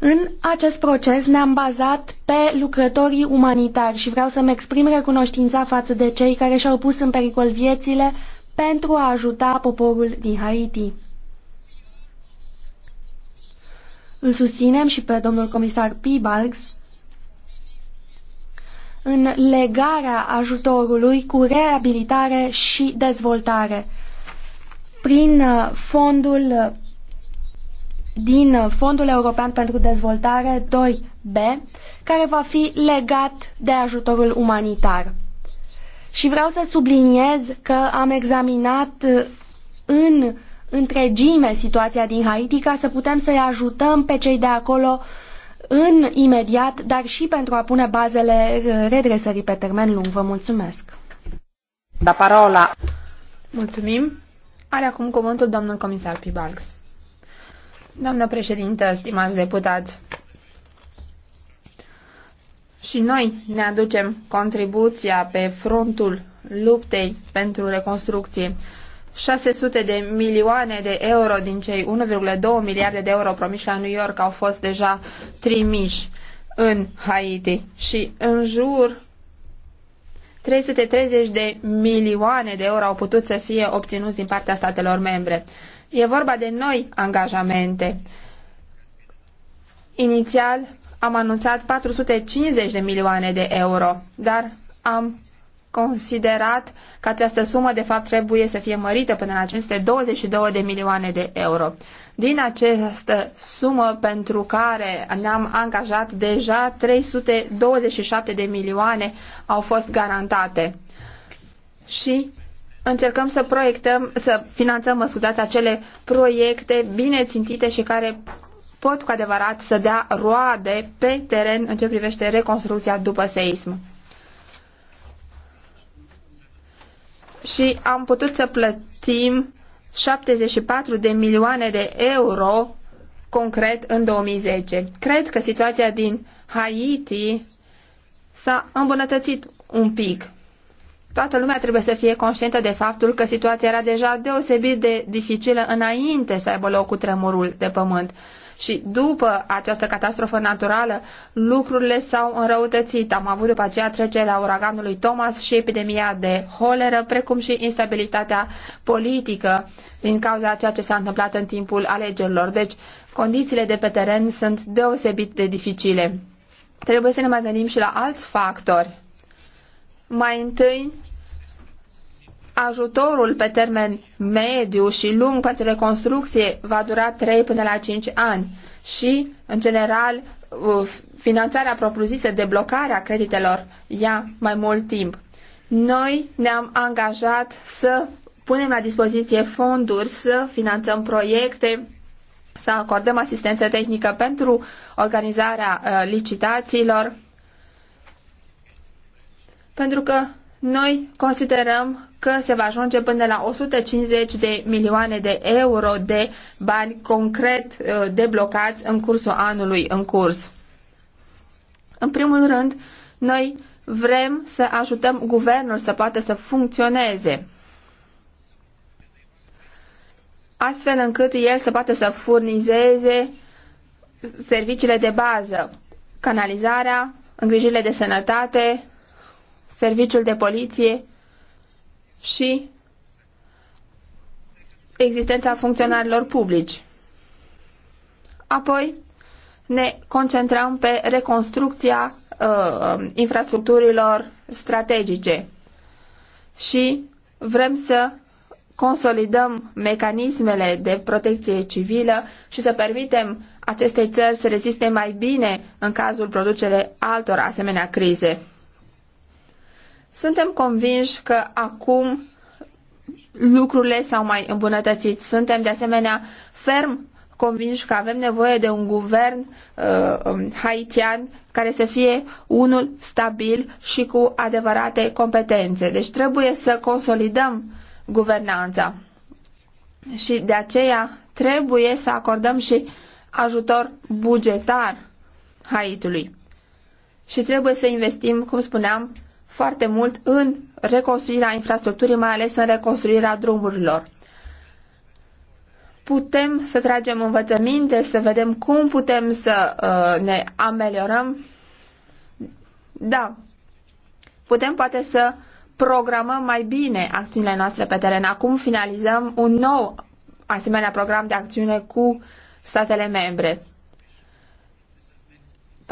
În acest proces ne-am bazat pe lucrătorii umanitari și vreau să-mi exprim recunoștința față de cei care și-au pus în pericol viețile pentru a ajuta poporul din Haiti. Îl susținem și pe domnul comisar Pibalgs în legarea ajutorului cu reabilitare și dezvoltare prin uh, fondul uh, din Fondul European pentru Dezvoltare 2B, care va fi legat de ajutorul umanitar. Și vreau să subliniez că am examinat uh, în întregime situația din Haiti ca să putem să-i ajutăm pe cei de acolo în imediat, dar și pentru a pune bazele uh, redresării pe termen lung. Vă mulțumesc! La parola! Mulțumim! Are acum cuvântul domnul comisar Pibalx. Doamnă președintă, stimați deputați, și noi ne aducem contribuția pe frontul luptei pentru reconstrucție. 600 de milioane de euro din cei 1,2 miliarde de euro promiși la New York au fost deja trimiși în Haiti și în jur 330 de milioane de euro au putut să fie obținuți din partea statelor membre. E vorba de noi angajamente. Inițial am anunțat 450 de milioane de euro, dar am considerat că această sumă de fapt trebuie să fie mărită până la 522 de milioane de euro. Din această sumă pentru care ne-am angajat deja 327 de milioane au fost garantate. Și încercăm să proiectăm, să finanțăm, mă scuzați, acele proiecte bine țintite și care pot cu adevărat să dea roade pe teren în ce privește reconstrucția după seism. Și am putut să plătim 74 de milioane de euro concret în 2010. Cred că situația din Haiti s-a îmbunătățit un pic Toată lumea trebuie să fie conștientă de faptul că situația era deja deosebit de dificilă înainte să aibă loc cu tremurul de pământ. Și după această catastrofă naturală, lucrurile s-au înrăutățit. Am avut după aceea trecerea uraganului Thomas și epidemia de holeră, precum și instabilitatea politică din cauza a ceea ce s-a întâmplat în timpul alegerilor. Deci, condițiile de pe teren sunt deosebit de dificile. Trebuie să ne mai gândim și la alți factori. Mai întâi, ajutorul pe termen mediu și lung pentru reconstrucție va dura 3 până la 5 ani și, în general, uh, finanțarea propriu-zisă, deblocarea creditelor ia mai mult timp. Noi ne-am angajat să punem la dispoziție fonduri, să finanțăm proiecte, să acordăm asistență tehnică pentru organizarea uh, licitațiilor, pentru că noi considerăm că se va ajunge până la 150 de milioane de euro de bani concret uh, deblocați în cursul anului în curs. În primul rând, noi vrem să ajutăm guvernul să poată să funcționeze astfel încât el să poată să furnizeze serviciile de bază, canalizarea, îngrijirile de sănătate, serviciul de poliție și existența funcționarilor publici. Apoi ne concentrăm pe reconstrucția uh, infrastructurilor strategice și vrem să consolidăm mecanismele de protecție civilă și să permitem acestei țări să reziste mai bine în cazul producerii altor asemenea crize. Suntem convinși că acum lucrurile s-au mai îmbunătățit. Suntem de asemenea ferm convinși că avem nevoie de un guvern uh, um, haitian care să fie unul stabil și cu adevărate competențe. Deci trebuie să consolidăm guvernanța. Și de aceea trebuie să acordăm și ajutor bugetar Haitului. Și trebuie să investim, cum spuneam, foarte mult în reconstruirea infrastructurii, mai ales în reconstruirea drumurilor. Putem să tragem învățăminte, să vedem cum putem să uh, ne ameliorăm. Da, putem poate să programăm mai bine acțiunile noastre pe teren. Acum finalizăm un nou asemenea program de acțiune cu statele membre.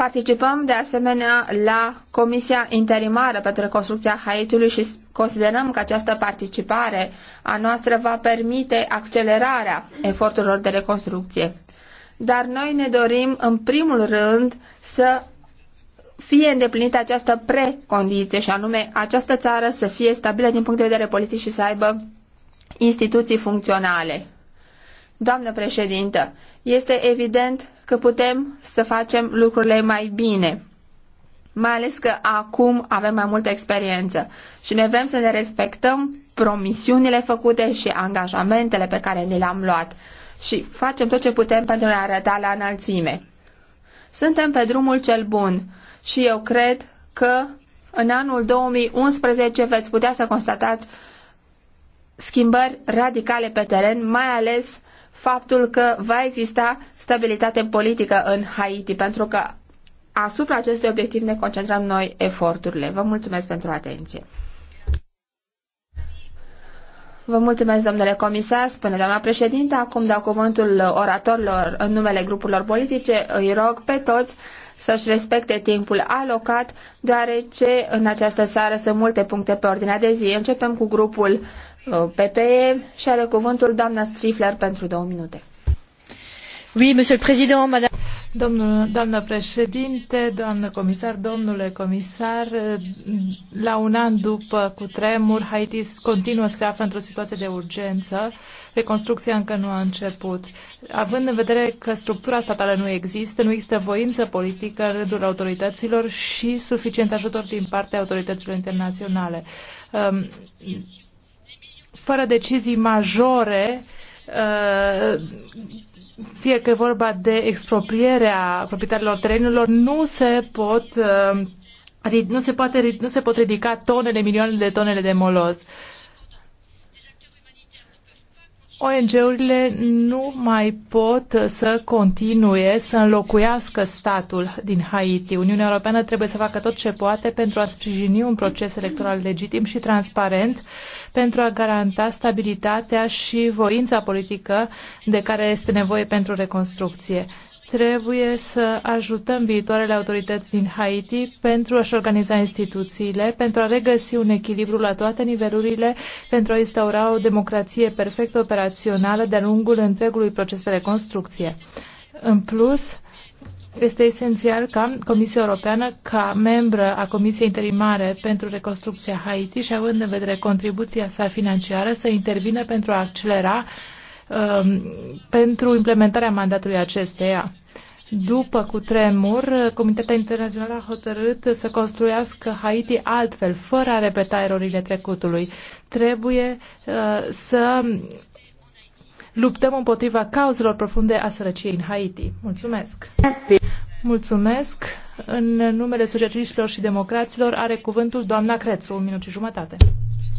Participăm de asemenea la Comisia Interimară pentru Reconstrucția Haitiului și considerăm că această participare a noastră va permite accelerarea eforturilor de reconstrucție. Dar noi ne dorim în primul rând să fie îndeplinită această precondiție și anume această țară să fie stabilă din punct de vedere politic și să aibă instituții funcționale. Doamnă președintă, este evident că putem să facem lucrurile mai bine, mai ales că acum avem mai multă experiență și ne vrem să ne respectăm promisiunile făcute și angajamentele pe care ni le-am luat și facem tot ce putem pentru a ne arăta la înălțime. Suntem pe drumul cel bun și eu cred că în anul 2011 veți putea să constatați schimbări radicale pe teren, mai ales faptul că va exista stabilitate politică în Haiti, pentru că asupra acestui obiectiv ne concentrăm noi eforturile. Vă mulțumesc pentru atenție. Vă mulțumesc, domnule comisar, spune doamna președinte. Acum dau cuvântul oratorilor în numele grupurilor politice. Îi rog pe toți să-și respecte timpul alocat, deoarece în această seară sunt multe puncte pe ordinea de zi. Începem cu grupul Uh, PPE și are cuvântul doamna Strifler pentru două minute. Oui, monsieur le président, madame... Domnul, doamnă președinte, doamnă comisar, domnule comisar, la un an după cutremur, Haiti continuă să se află într-o situație de urgență. Reconstrucția încă nu a început. Având în vedere că structura statală nu există, nu există voință politică în rândul autorităților și suficient ajutor din partea autorităților internaționale um, fără decizii majore, uh, fie că e vorba de exproprierea proprietarilor terenurilor, nu se pot uh, nu se, poate, nu se pot ridica tonele, milioanele de tonele de moloz. ONG-urile nu mai pot să continue să înlocuiască statul din Haiti. Uniunea Europeană trebuie să facă tot ce poate pentru a sprijini un proces electoral legitim și transparent, pentru a garanta stabilitatea și voința politică de care este nevoie pentru reconstrucție. Trebuie să ajutăm viitoarele autorități din Haiti pentru a-și organiza instituțiile, pentru a regăsi un echilibru la toate nivelurile, pentru a instaura o democrație perfect operațională de-a lungul întregului proces de reconstrucție. În plus, este esențial ca Comisia Europeană, ca membră a Comisiei Interimare pentru Reconstrucția Haiti și având în vedere contribuția sa financiară, să intervină pentru a accelera Um, pentru implementarea mandatului acesteia. După cu tremur, Comunitatea Internațională a hotărât să construiască Haiti altfel, fără a repeta erorile trecutului. Trebuie uh, să luptăm împotriva cauzelor profunde a sărăciei în Haiti. Mulțumesc! Mulțumesc! În numele sugeriștilor și democraților are cuvântul doamna Crețu, un minut și jumătate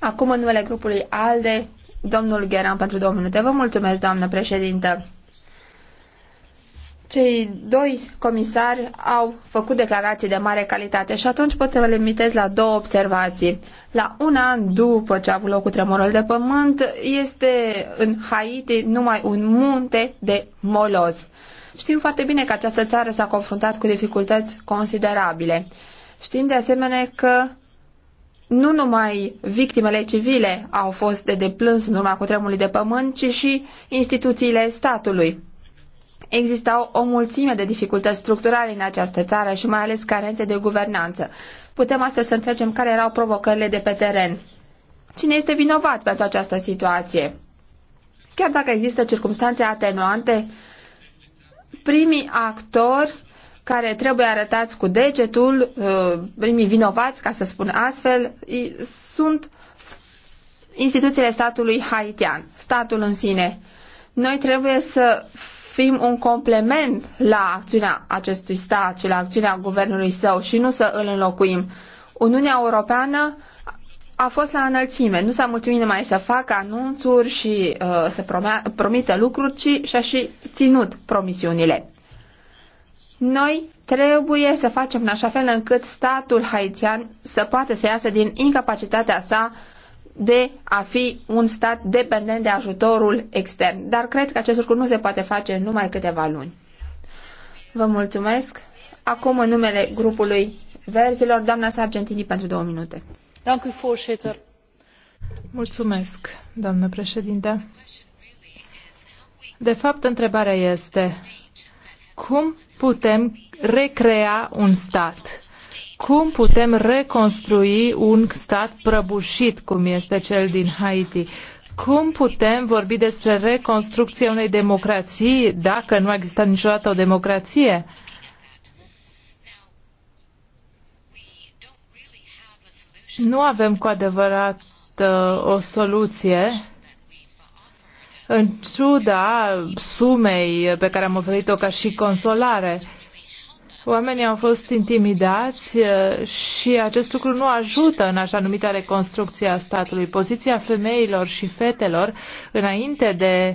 Acum, în numele grupului ALDE, domnul Gheran pentru două minute. Vă mulțumesc, doamnă președintă. Cei doi comisari au făcut declarații de mare calitate și atunci pot să vă limitez la două observații. La un an după ce a avut loc tremurul de pământ, este în Haiti numai un munte de moloz. Știm foarte bine că această țară s-a confruntat cu dificultăți considerabile. Știm de asemenea că nu numai victimele civile au fost de deplâns în urma cutremurului de pământ, ci și instituțiile statului. Existau o mulțime de dificultăți structurale în această țară și mai ales carențe de guvernanță. Putem astăzi să înțelegem care erau provocările de pe teren. Cine este vinovat pentru această situație? Chiar dacă există circunstanțe atenuante, primii actori care trebuie arătați cu degetul, uh, primii vinovați, ca să spun astfel, sunt instituțiile statului haitian, statul în sine. Noi trebuie să fim un complement la acțiunea acestui stat și la acțiunea guvernului său și nu să îl înlocuim. Uniunea Europeană a fost la înălțime, nu s-a mulțumit numai să facă anunțuri și uh, să promită lucruri, ci și-a și ținut promisiunile. Noi trebuie să facem în așa fel încât statul haitian să poată să iasă din incapacitatea sa de a fi un stat dependent de ajutorul extern. Dar cred că acest lucru nu se poate face în numai câteva luni. Vă mulțumesc. Acum, în numele grupului Verzilor, doamna Sargentini pentru două minute. Mulțumesc, doamnă președinte. De fapt, întrebarea este cum putem recrea un stat? Cum putem reconstrui un stat prăbușit, cum este cel din Haiti? Cum putem vorbi despre reconstrucția unei democrații dacă nu a existat niciodată o democrație? Nu avem cu adevărat uh, o soluție în ciuda sumei pe care am oferit-o ca și consolare. Oamenii au fost intimidați și acest lucru nu ajută în așa numita reconstrucție a statului. Poziția femeilor și fetelor înainte de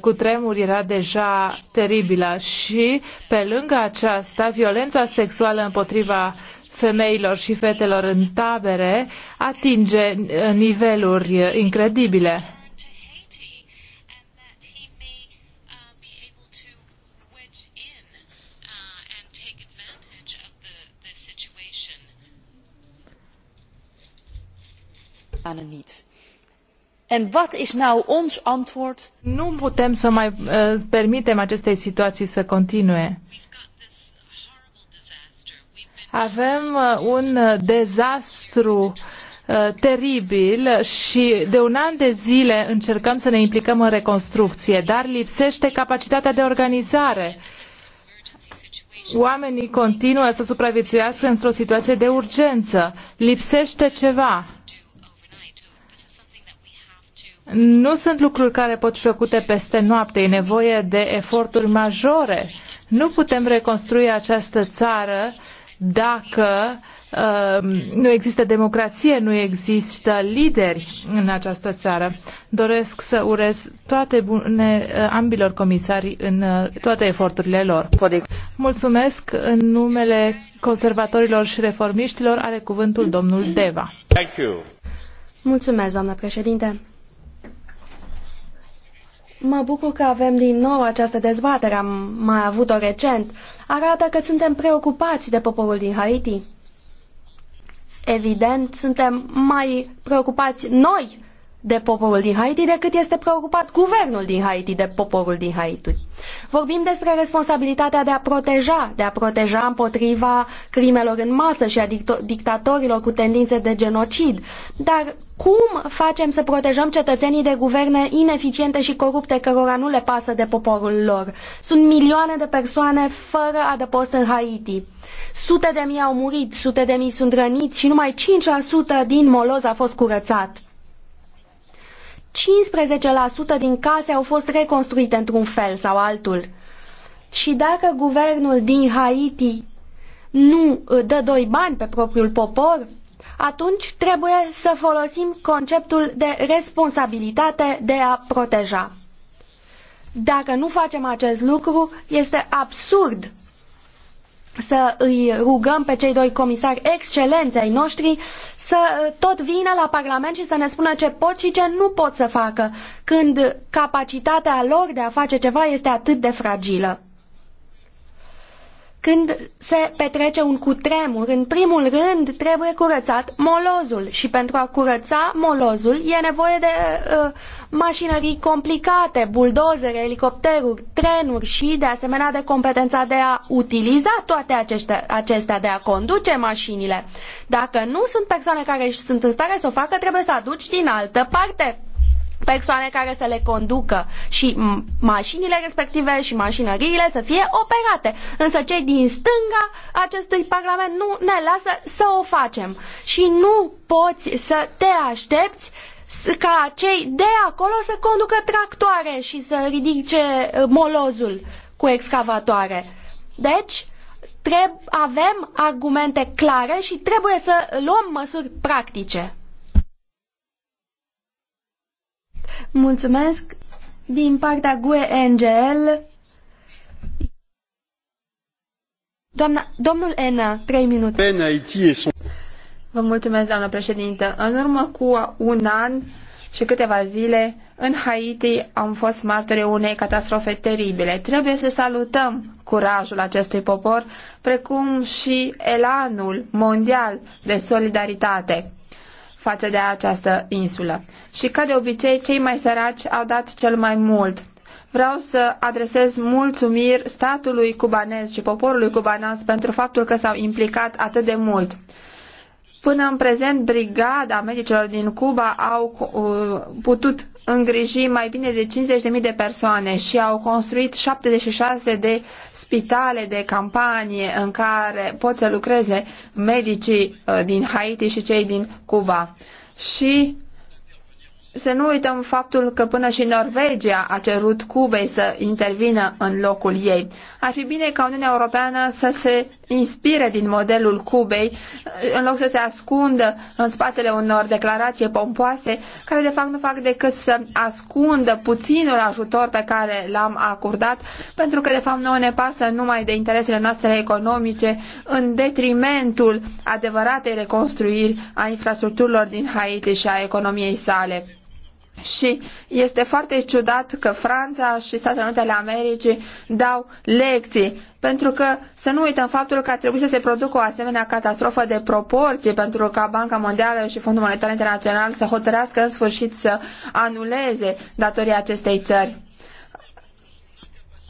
cutremur era deja teribilă și pe lângă aceasta violența sexuală împotriva femeilor și fetelor în tabere atinge niveluri incredibile. een niet. En wat is nou ons antwoord? Nu putem să mai uh, permitem acestei situații să continue. Avem uh, un eh, dezastru teribil și de un an de zile încercăm să ne implicăm în reconstrucție, dar lipsește capacitatea de organizare. Oamenii continuă să supraviețuiască într-o situație de urgență. Lipsește ceva nu sunt lucruri care pot fi făcute peste noapte, e nevoie de eforturi majore. Nu putem reconstrui această țară dacă uh, nu există democrație, nu există lideri în această țară. Doresc să urez toate bune uh, ambilor comisari în uh, toate eforturile lor. Mulțumesc în numele conservatorilor și reformiștilor are cuvântul domnul Deva. Mulțumesc, doamnă președinte. Mă bucur că avem din nou această dezbatere, am mai avut-o recent. Arată că suntem preocupați de poporul din Haiti. Evident, suntem mai preocupați noi de poporul din Haiti decât este preocupat guvernul din Haiti de poporul din Haiti. Vorbim despre responsabilitatea de a proteja, de a proteja împotriva crimelor în masă și a dictatorilor cu tendințe de genocid. Dar cum facem să protejăm cetățenii de guverne ineficiente și corupte cărora nu le pasă de poporul lor? Sunt milioane de persoane fără adăpost în Haiti. Sute de mii au murit, sute de mii sunt răniți și numai 5% din moloz a fost curățat. 15% din case au fost reconstruite într-un fel sau altul. Și dacă guvernul din Haiti nu uh, dă doi bani pe propriul popor, atunci trebuie să folosim conceptul de responsabilitate de a proteja. Dacă nu facem acest lucru, este absurd să îi rugăm pe cei doi comisari excelenței noștri să tot vină la Parlament și să ne spună ce pot și ce nu pot să facă, când capacitatea lor de a face ceva este atât de fragilă când se petrece un cutremur, în primul rând trebuie curățat molozul și pentru a curăța molozul e nevoie de uh, mașinării complicate, buldozere, elicopteruri, trenuri și de asemenea de competența de a utiliza toate acestea, acestea, de a conduce mașinile. Dacă nu sunt persoane care sunt în stare să o facă, trebuie să aduci din altă parte persoane care să le conducă și mașinile respective și mașinăriile să fie operate. Însă cei din stânga acestui parlament nu ne lasă să o facem. Și nu poți să te aștepți ca cei de acolo să conducă tractoare și să ridice uh, molozul cu excavatoare. Deci, avem argumente clare și trebuie să luăm măsuri practice. Mulțumesc. Din partea GUE NGL, Doamna, domnul Ena, trei minute. Vă mulțumesc, doamnă președintă. În urmă cu un an și câteva zile, în Haiti am fost martori unei catastrofe teribile. Trebuie să salutăm curajul acestui popor, precum și elanul mondial de solidaritate față de această insulă. Și ca de obicei, cei mai săraci au dat cel mai mult. Vreau să adresez mulțumiri statului cubanez și poporului cubanez pentru faptul că s-au implicat atât de mult. Până în prezent, brigada medicilor din Cuba au uh, putut îngriji mai bine de 50.000 de persoane și au construit 76 de spitale de campanie în care pot să lucreze medicii uh, din Haiti și cei din Cuba. Și să nu uităm faptul că până și Norvegia a cerut Cubei să intervină în locul ei. Ar fi bine ca Uniunea Europeană să se inspire din modelul Cubei, în loc să se ascundă în spatele unor declarații pompoase, care de fapt nu fac decât să ascundă puținul ajutor pe care l-am acordat, pentru că de fapt nouă ne pasă numai de interesele noastre economice, în detrimentul adevăratei reconstruiri a infrastructurilor din Haiti și a economiei sale. Și este foarte ciudat că Franța și Statele Unite ale Americii dau lecții, pentru că să nu uităm faptul că ar trebui să se producă o asemenea catastrofă de proporții pentru ca Banca Mondială și Fondul Monetar Internațional să hotărească în sfârșit să anuleze datoria acestei țări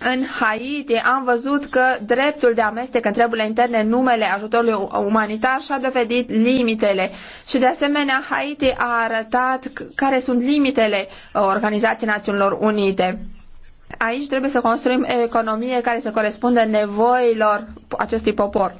în Haiti am văzut că dreptul de amestec în treburile interne în numele ajutorului umanitar și-a dovedit limitele. Și de asemenea Haiti a arătat care sunt limitele uh, Organizației Națiunilor Unite. Aici trebuie să construim o economie care să corespundă nevoilor acestui popor.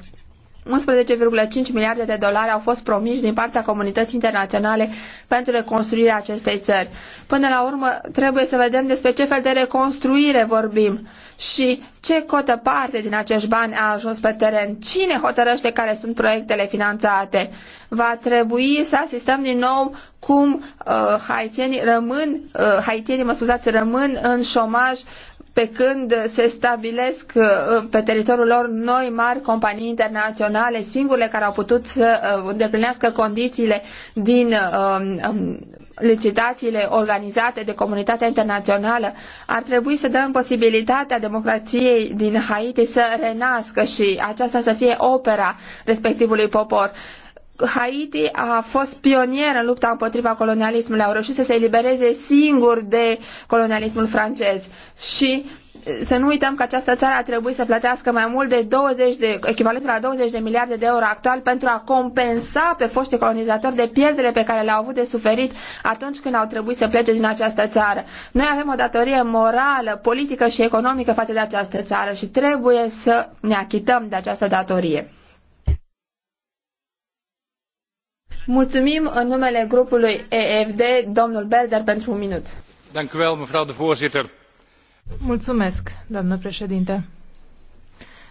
11,5 miliarde de dolari au fost promiși din partea comunității internaționale pentru reconstruirea acestei țări. Până la urmă, trebuie să vedem despre ce fel de reconstruire vorbim și ce cotă parte din acești bani a ajuns pe teren, cine hotărăște care sunt proiectele finanțate. Va trebui să asistăm din nou cum uh, haitienii rămân, uh, haitienii, mă scuzați, rămân în șomaj pe când se stabilesc uh, pe teritoriul lor noi mari companii internaționale, singurele care au putut să uh, îndeplinească condițiile din uh, um, licitațiile organizate de comunitatea internațională, ar trebui să dăm posibilitatea democrației din Haiti să renască și aceasta să fie opera respectivului popor. Haiti a fost pionier în lupta împotriva colonialismului, au reușit să se elibereze singur de colonialismul francez și să nu uităm că această țară a trebuit să plătească mai mult de 20 de, echivalentul la 20 de miliarde de euro actual pentru a compensa pe foștii colonizatori de pierdere pe care le-au avut de suferit atunci când au trebuit să plece din această țară. Noi avem o datorie morală, politică și economică față de această țară și trebuie să ne achităm de această datorie. Mulțumim în numele grupului EFD, domnul Belder, pentru un minut. Mulțumesc, doamnă președinte.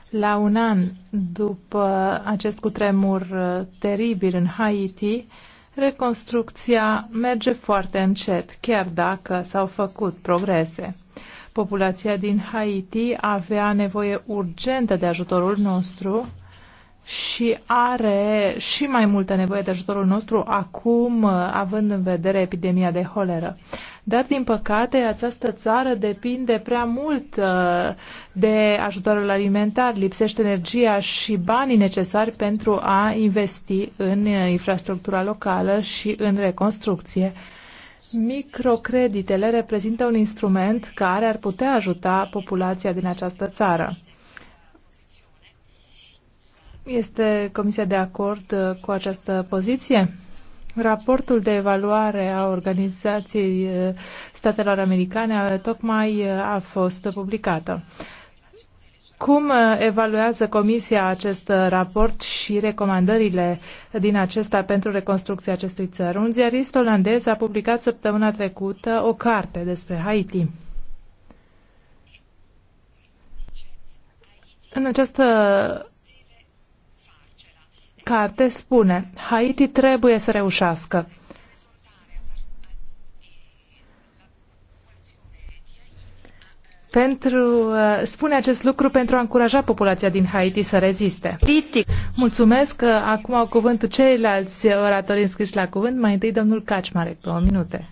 La un an după acest cutremur uh, teribil în Haiti, reconstrucția merge foarte încet, chiar dacă s-au făcut progrese. Populația din Haiti avea nevoie urgentă de ajutorul nostru și are și mai multă nevoie de ajutorul nostru acum, uh, având în vedere epidemia de holeră. Dar, din păcate, această țară depinde prea mult uh, de ajutorul alimentar, lipsește energia și banii necesari pentru a investi în uh, infrastructura locală și în reconstrucție. Microcreditele reprezintă un instrument care ar putea ajuta populația din această țară. Este Comisia de acord uh, cu această poziție? Raportul de evaluare a Organizației uh, Statelor Americane uh, tocmai a fost publicată. Cum evaluează Comisia acest raport și recomandările din acesta pentru reconstrucția acestui țăr? Un ziarist olandez a publicat săptămâna trecută o carte despre Haiti. În această carte spune Haiti trebuie să reușească. pentru, uh, spune acest lucru pentru a încuraja populația din Haiti să reziste. Critic. Mulțumesc. Uh, acum au cuvântul ceilalți oratori înscriși la cuvânt. Mai întâi domnul Kaczmarek, două minute.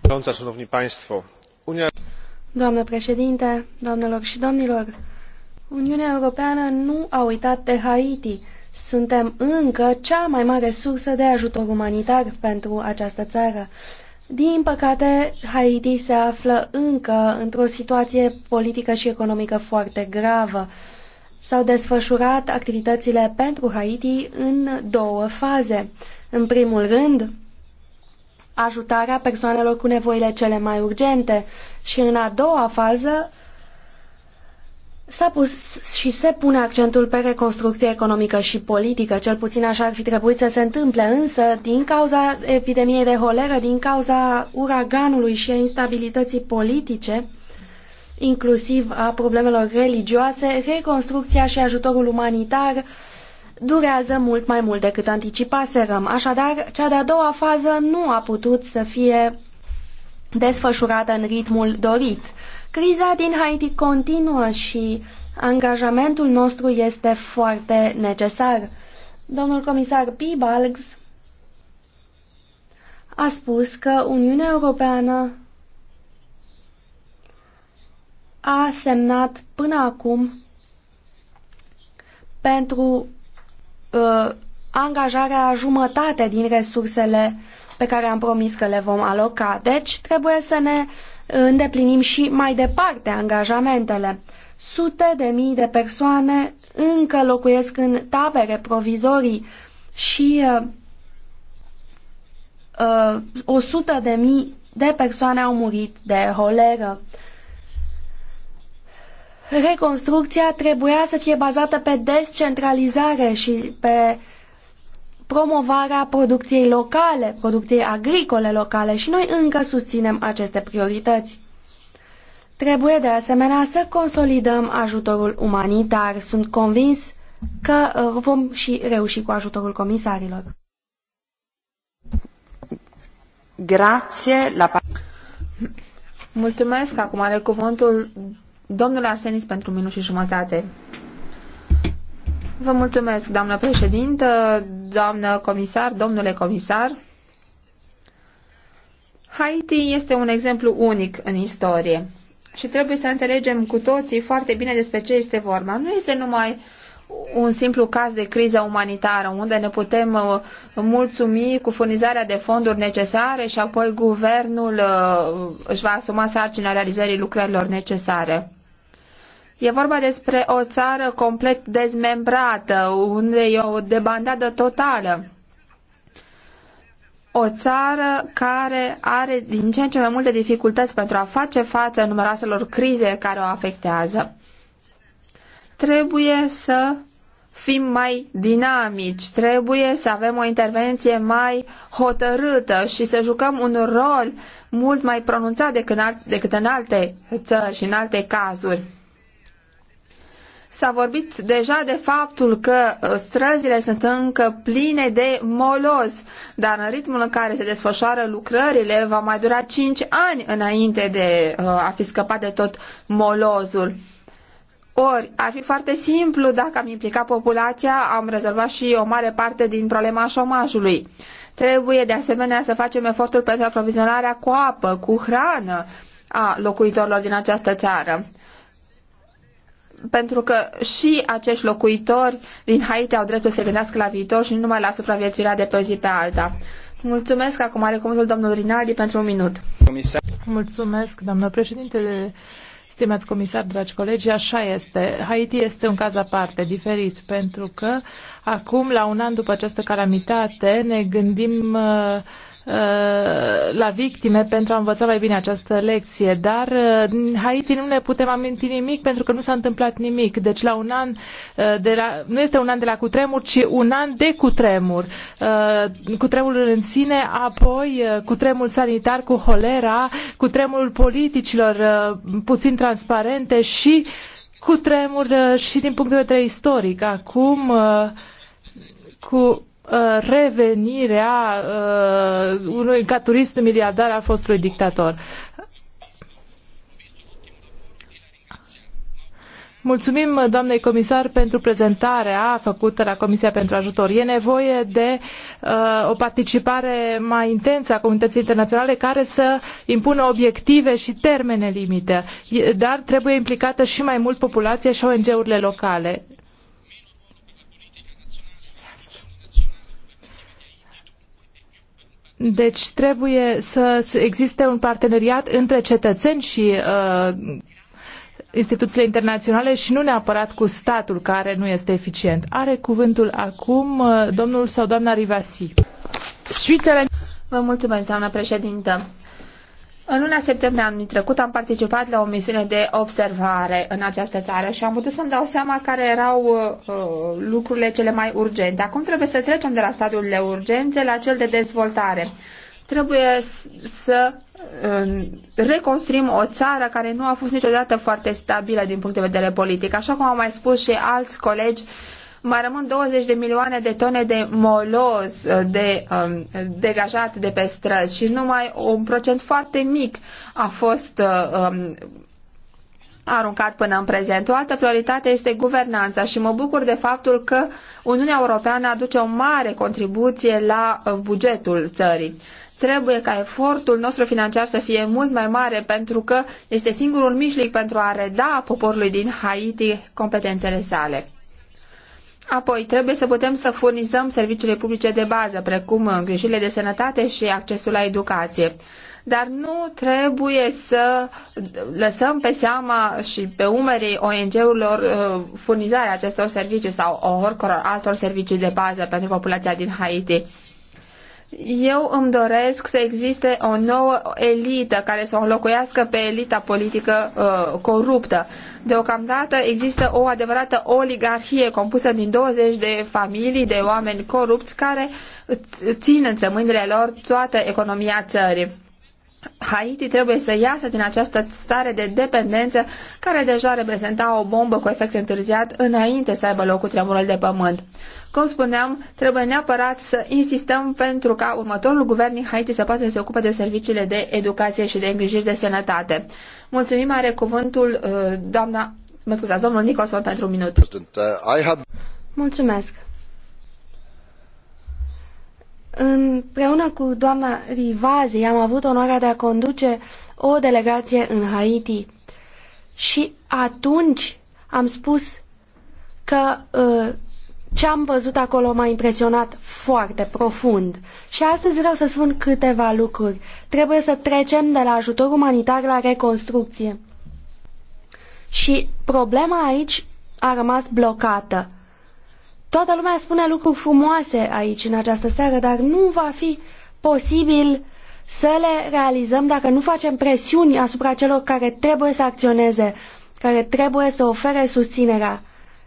Doamnă președinte, doamnelor și domnilor, Uniunea Europeană nu a uitat de Haiti suntem încă cea mai mare sursă de ajutor umanitar pentru această țară. Din păcate, Haiti se află încă într-o situație politică și economică foarte gravă. S-au desfășurat activitățile pentru Haiti în două faze. În primul rând, ajutarea persoanelor cu nevoile cele mai urgente și în a doua fază, S-a pus și se pune accentul pe reconstrucție economică și politică, cel puțin așa ar fi trebuit să se întâmple, însă din cauza epidemiei de holeră, din cauza uraganului și a instabilității politice, inclusiv a problemelor religioase, reconstrucția și ajutorul umanitar durează mult mai mult decât anticipaserăm. Așadar, cea de-a doua fază nu a putut să fie desfășurată în ritmul dorit. Criza din Haiti continuă și angajamentul nostru este foarte necesar. Domnul comisar Pibalgs a spus că Uniunea Europeană a semnat până acum pentru uh, angajarea jumătate din resursele pe care am promis că le vom aloca. Deci trebuie să ne îndeplinim și mai departe angajamentele. Sute de mii de persoane încă locuiesc în tabere provizorii și uh, uh, o sută de mii de persoane au murit de holeră. Reconstrucția trebuia să fie bazată pe descentralizare și pe promovarea producției locale, producției agricole locale și noi încă susținem aceste priorități. Trebuie de asemenea să consolidăm ajutorul umanitar. Sunt convins că uh, vom și reuși cu ajutorul comisarilor. Grație la... Mulțumesc. Acum are cuvântul domnul Arsenis pentru minut și jumătate. Vă mulțumesc, doamnă președintă, doamnă comisar, domnule comisar. Haiti este un exemplu unic în istorie și trebuie să înțelegem cu toții foarte bine despre ce este vorba. Nu este numai un simplu caz de criză umanitară, unde ne putem uh, mulțumi cu furnizarea de fonduri necesare și apoi guvernul uh, își va asuma sarcina realizării lucrărilor necesare. E vorba despre o țară complet dezmembrată, unde e o debandadă totală. O țară care are din ce în ce mai multe dificultăți pentru a face față numeroaselor crize care o afectează. Trebuie să fim mai dinamici, trebuie să avem o intervenție mai hotărâtă și să jucăm un rol mult mai pronunțat decât în alte țări și în alte cazuri. S-a vorbit deja de faptul că uh, străzile sunt încă pline de moloz, dar în ritmul în care se desfășoară lucrările va mai dura 5 ani înainte de uh, a fi scăpat de tot molozul. Ori, ar fi foarte simplu dacă am implicat populația, am rezolvat și o mare parte din problema șomajului. Trebuie de asemenea să facem eforturi pentru aprovizionarea cu apă, cu hrană a locuitorilor din această țară pentru că și acești locuitori din Haiti au dreptul să se gândească la viitor și nu numai la supraviețuirea de pe o zi pe alta. Mulțumesc, acum are cuvântul domnul Rinaldi pentru un minut. Comisar. Mulțumesc, doamnă președintele. Stimați comisar, dragi colegi, așa este. Haiti este un caz aparte, diferit, pentru că acum, la un an după această calamitate, ne gândim uh, Uh, la victime pentru a învăța mai bine această lecție. Dar în uh, Haiti nu ne putem aminti nimic pentru că nu s-a întâmplat nimic. Deci la un an uh, de la, nu este un an de la cutremur, ci un an de cutremur. Cutremurul în sine, apoi cutremul sanitar cu holera, cutremurul politicilor puțin transparente și cutremur și din punct de vedere istoric. Acum cu Uh, revenirea uh, unui ca turist miliardar al fostului dictator. Mulțumim, doamnei comisar, pentru prezentarea făcută la Comisia pentru Ajutor. E nevoie de uh, o participare mai intensă a comunității internaționale care să impună obiective și termene limite, dar trebuie implicată și mai mult populația și ONG-urile locale. Deci trebuie să existe un parteneriat între cetățeni și uh, instituțiile internaționale și nu neapărat cu statul care nu este eficient. Are cuvântul acum uh, domnul sau doamna Rivasi. Vă mulțumesc, doamna președintă. În luna septembrie anului trecut am participat la o misiune de observare în această țară și am putut să-mi dau seama care erau uh, uh lucrurile cele mai urgente. Acum trebuie să trecem de la stadiul de urgențe la cel de dezvoltare. Trebuie să uh, reconstruim o țară care nu a fost niciodată foarte stabilă din punct de vedere politic. Așa cum au mai spus și alți colegi, uh, mai rămân 20 de milioane de tone de moloz uh, de, um, degajat de pe străzi și numai un procent foarte mic a fost uh, um, aruncat până în prezent. O altă prioritate este guvernanța și mă bucur de faptul că Uniunea Europeană aduce o mare contribuție la uh, bugetul țării. Trebuie ca efortul nostru financiar să fie mult mai mare pentru că este singurul mijloc pentru a reda poporului din Haiti competențele sale. Apoi, trebuie să putem să furnizăm serviciile publice de bază, precum îngrijirile uh, de sănătate și accesul la educație. Dar nu trebuie să lăsăm pe seama și pe umerii ONG-urilor uh, furnizarea acestor servicii sau oricăror altor servicii de bază pentru populația din Haiti eu îmi doresc să existe o nouă elită care să o înlocuiască pe elita politică uh, coruptă. Deocamdată există o adevărată oligarhie compusă din 20 de familii de oameni corupți care țin între mâinile lor toată economia țării. Haiti trebuie să iasă din această stare de dependență care deja reprezenta o bombă cu efect întârziat înainte să aibă loc cu tremurul de pământ. Cum spuneam, trebuie neapărat să insistăm pentru ca următorul guvern din Haiti să poată să se ocupe de serviciile de educație și de îngrijiri de sănătate. Mulțumim, are cuvântul uh, doamna, mă scuzați, domnul Nicolson pentru un minut. Uh, Mulțumesc. Împreună cu doamna Rivazi am avut onoarea de a conduce o delegație în Haiti și atunci am spus că uh, ce am văzut acolo m-a impresionat foarte profund. Și astăzi vreau să spun câteva lucruri. Trebuie să trecem de la ajutor umanitar la reconstrucție. Și problema aici a rămas blocată. Toată lumea spune lucruri frumoase aici în această seară, dar nu va fi posibil să le realizăm dacă nu facem presiuni asupra celor care trebuie să acționeze, care trebuie să ofere susținerea.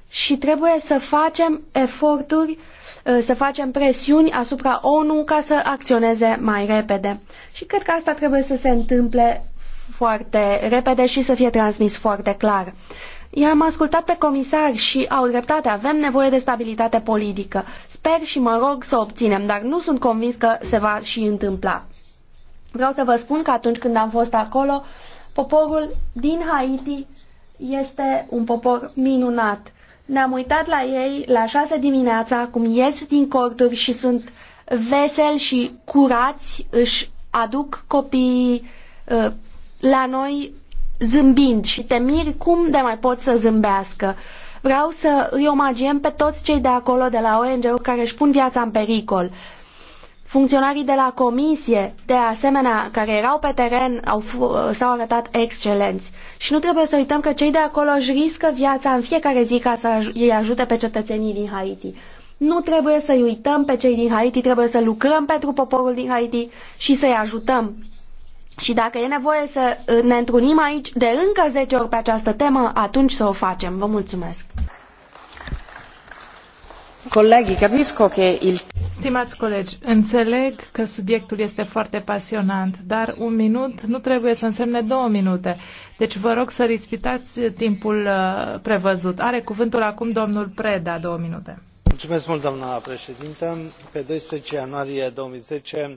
Și trebuie să facem eforturi, uh, să facem presiuni asupra ONU ca să acționeze mai repede. Și cred că asta trebuie să se întâmple foarte repede și să fie transmis foarte clar. I-am ascultat pe comisar și au dreptate, avem nevoie de stabilitate politică. Sper și mă rog să o obținem, dar nu sunt convins că se va și întâmpla. Vreau să vă spun că atunci când am fost acolo, poporul din Haiti este un popor minunat. Ne-am uitat la ei la șase dimineața, cum ies din corturi și sunt veseli și curați, își aduc copiii uh, la noi zâmbind și te miri cum de mai pot să zâmbească. Vreau să îi omagiem pe toți cei de acolo de la ONG-uri care își pun viața în pericol. Funcționarii de la comisie, de asemenea, care erau pe teren, au, s-au arătat excelenți. Și nu trebuie să uităm că cei de acolo își riscă viața în fiecare zi ca să îi ajute pe cetățenii din Haiti. Nu trebuie să-i uităm pe cei din Haiti, trebuie să lucrăm pentru poporul din Haiti și să-i ajutăm și dacă e nevoie să uh, ne întrunim aici de încă zece ori pe această temă, atunci să o facem. Vă mulțumesc. Colegi, capisco că il... Stimați colegi, înțeleg că subiectul este foarte pasionant, dar un minut nu trebuie să însemne două minute. Deci vă rog să respectați timpul uh, prevăzut. Are cuvântul acum domnul Preda, două minute. Mulțumesc mult, doamna președintă. Pe 12 ianuarie 2010,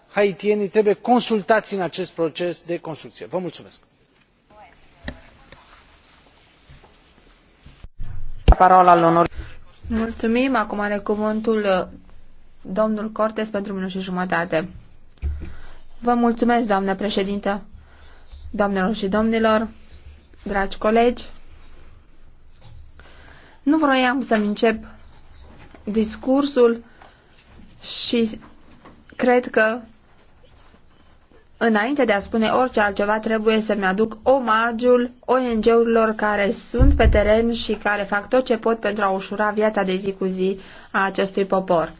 haitienii trebuie consultați în acest proces de construcție. vă mulumesc. Mulțumim. Acum are cuvântul uh, domnul Cortes pentru minut Vă mulțumesc, doamnă președintă, doamnelor și domnilor, dragi colegi. Nu vroiam să-mi încep discursul și cred că Înainte de a spune orice altceva, trebuie să-mi aduc omagiul ONG-urilor care sunt pe teren și care fac tot ce pot pentru a ușura viața de zi cu zi a acestui popor.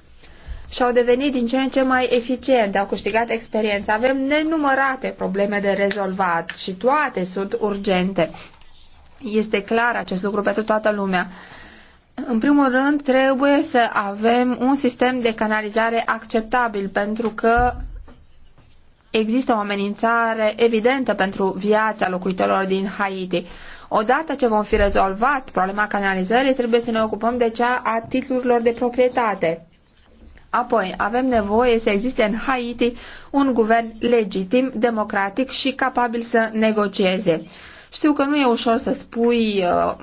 Și au devenit din ce în ce mai eficiente, au câștigat experiență. Avem nenumărate probleme de rezolvat și toate sunt urgente. Este clar acest lucru pentru toată lumea. În primul rând, trebuie să avem un sistem de canalizare acceptabil, pentru că există o amenințare evidentă pentru viața locuitorilor din Haiti. Odată ce vom fi rezolvat problema canalizării, trebuie să ne ocupăm de cea a titlurilor de proprietate. Apoi, avem nevoie să existe în Haiti un guvern legitim, democratic și capabil să negocieze. Știu că nu e ușor să spui uh,